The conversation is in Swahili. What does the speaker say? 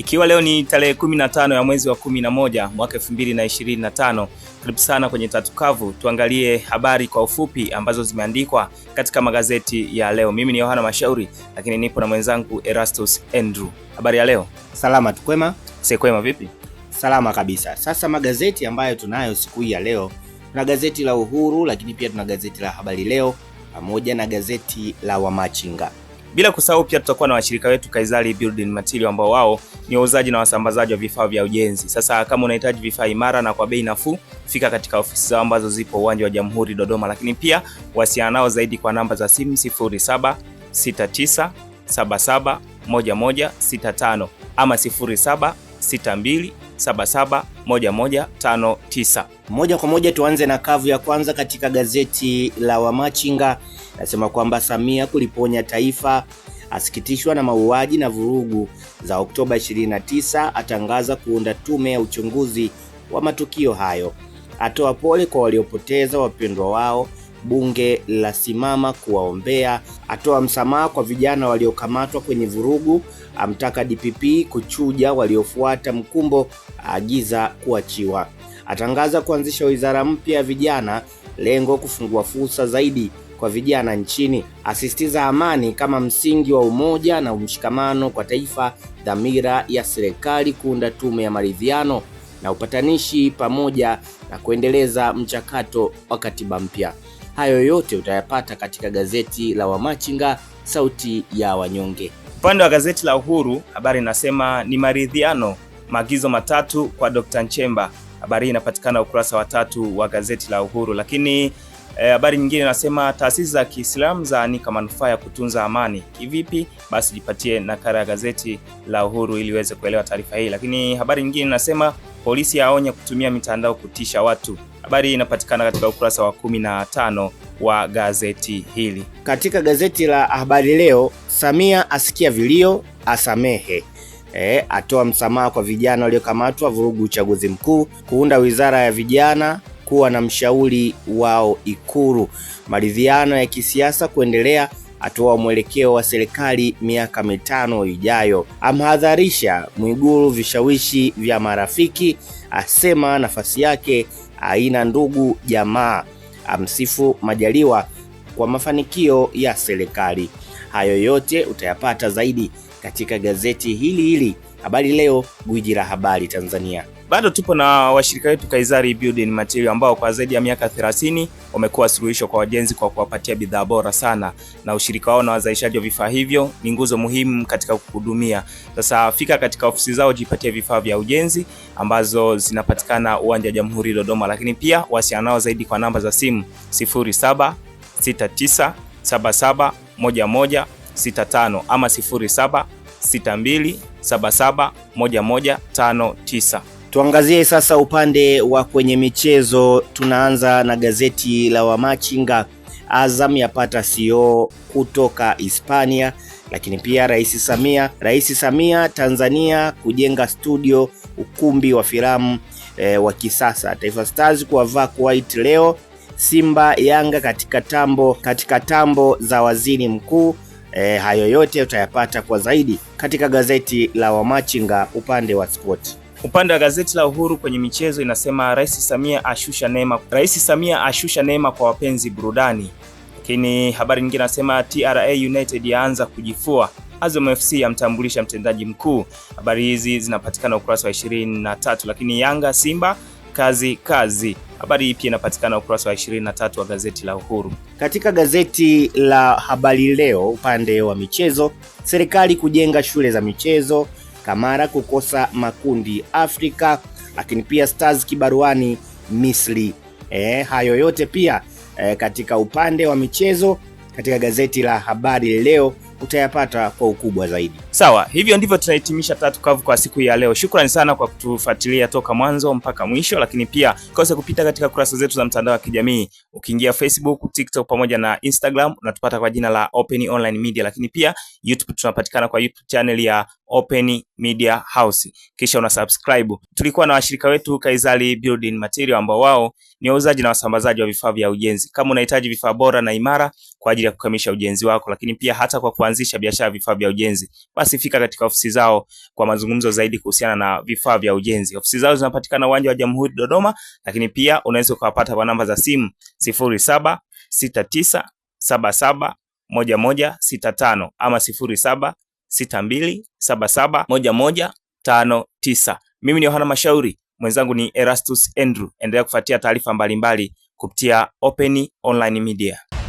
Ikiwa leo ni tarehe 15 ya mwezi wa 11 mwaka 2025, karibu sana kwenye Tatu Kavu, tuangalie habari kwa ufupi ambazo zimeandikwa katika magazeti ya leo. Mimi ni Yohana Mashauri, lakini nipo na mwenzangu Erastus Andrew. Habari ya leo? Salama, tukwema? Sekwema, vipi? Salama kabisa. Sasa magazeti ambayo tunayo siku hii ya leo, tuna gazeti la Uhuru, lakini pia tuna gazeti la Habari Leo pamoja na gazeti la Wamachinga. Bila kusahau pia tutakuwa na washirika wetu Kaizali Building Material ambao wao ni wauzaji na wasambazaji wa vifaa vya ujenzi. Sasa kama unahitaji vifaa imara na kwa bei nafuu, fika katika ofisi zao ambazo zipo uwanja wa Jamhuri Dodoma, lakini pia wasiana nao zaidi kwa namba za simu 0769771165 ama 076277 1159. Moja kwa moja tuanze na kavu ya kwanza katika gazeti la Wamachinga, nasema kwamba Samia kuliponya taifa, asikitishwa na mauaji na vurugu za Oktoba 29, atangaza kuunda tume ya uchunguzi wa matukio hayo, atoa pole kwa waliopoteza wapendwa wao bunge la Simama kuwaombea, atoa msamaha kwa vijana waliokamatwa kwenye vurugu, amtaka DPP kuchuja waliofuata mkumbo, aagiza kuachiwa. Atangaza kuanzisha wizara mpya ya vijana, lengo kufungua fursa zaidi kwa vijana nchini. Asisitiza amani kama msingi wa umoja na umshikamano kwa taifa, dhamira ya serikali kuunda tume ya maridhiano na upatanishi pamoja na kuendeleza mchakato wa katiba mpya. Hayo yote utayapata katika gazeti la Wamachinga, sauti ya wanyonge. Upande wa gazeti la Uhuru habari inasema ni maridhiano, maagizo matatu kwa Dr. Nchemba. Habari hii inapatikana ukurasa wa tatu wa gazeti la Uhuru. Lakini eh, habari nyingine inasema taasisi za Kiislamu zaanika manufaa ya kutunza amani. Kivipi? Basi jipatie nakala ya gazeti la Uhuru ili uweze kuelewa taarifa hii. Lakini habari nyingine inasema polisi aonye kutumia mitandao kutisha watu. Habari hii inapatikana katika ukurasa wa 15 wa gazeti hili. Katika gazeti la Habari Leo, Samia asikia vilio asamehe. E, atoa msamaha kwa vijana waliokamatwa vurugu uchaguzi mkuu, kuunda wizara ya vijana, kuwa na mshauri wao Ikuru, maridhiano ya kisiasa kuendelea, atoa mwelekeo wa serikali miaka mitano ijayo, amhadharisha Mwigulu vishawishi vya marafiki, asema nafasi yake aina ndugu jamaa, amsifu Majaliwa kwa mafanikio ya serikali. Hayo yote utayapata zaidi katika gazeti hili hili Habari Leo, gwiji la habari Tanzania. Bado tupo na washirika wetu Kaizari Building Material ambao kwa zaidi ya miaka 30 wamekuwa suluhisho kwa wajenzi kwa kuwapatia bidhaa bora sana, na ushirika wao na wazalishaji wa vifaa hivyo ni nguzo muhimu katika kuhudumia. Sasa fika katika ofisi zao, jipatie vifaa vya ujenzi ambazo zinapatikana uwanja wa Jamhuri Dodoma, lakini pia wasiana nao zaidi kwa namba za simu 0769771165 ama 0762771159. Tuangazie sasa upande wa kwenye michezo. Tunaanza na gazeti la Wamachinga. Azam yapata CEO kutoka Hispania, lakini pia Rais Samia, Rais Samia Tanzania kujenga studio ukumbi wa filamu e, wa kisasa. Taifa Stars kuwavaa Kuwait leo. Simba Yanga katika tambo, katika tambo za waziri mkuu. E, hayo yote utayapata kwa zaidi katika gazeti la Wamachinga upande wa sport. Upande wa gazeti la Uhuru kwenye michezo inasema Rais Samia ashusha neema, Rais Samia ashusha neema kwa wapenzi burudani. Lakini habari nyingine nasema TRA United yaanza kujifua, Azam FC yamtambulisha mtendaji mkuu. Habari hizi zinapatikana ukurasa wa 23. Lakini Yanga Simba kazi kazi, habari hii pia inapatikana ukurasa wa 23 wa gazeti la Uhuru. Katika gazeti la Habari Leo upande wa michezo, serikali kujenga shule za michezo Kamara kukosa makundi Afrika, lakini pia Stars kibaruani Misri. Eh, hayo yote pia e, katika upande wa michezo katika gazeti la habari leo utayapata kwa ukubwa zaidi. Sawa, hivyo ndivyo tunahitimisha tatu kavu kwa siku ya leo. Shukrani sana kwa kutufuatilia toka mwanzo mpaka mwisho, lakini pia kose kupita katika kurasa zetu za mtandao wa kijamii. Ukiingia Facebook, TikTok pamoja na Instagram unatupata kwa jina la Open Online Media, lakini pia YouTube tunapatikana kwa YouTube channel ya Open Media House, kisha una subscribe. Tulikuwa na washirika wetu Kaizali Building Material ambao wao ni wauzaji na wasambazaji wa vifaa vya ujenzi. Kama unahitaji vifaa bora na imara kwa ajili ya kukamilisha ujenzi wako, lakini pia hata kwa kuanzisha biashara vifaa vya ujenzi, basi fika katika ofisi zao kwa mazungumzo zaidi kuhusiana na vifaa vya ujenzi. Ofisi zao zinapatikana uwanja wa Jamhuri Dodoma, lakini pia unaweza ukawapata kwa namba za simu sifuri saba saba moja moja sita tano ama sifuri saba 0762771159. Mimi ni Yohana Mashauri, mwenzangu ni Erastus Andrew. Endelea kufuatia taarifa mbalimbali kupitia Open Online Media.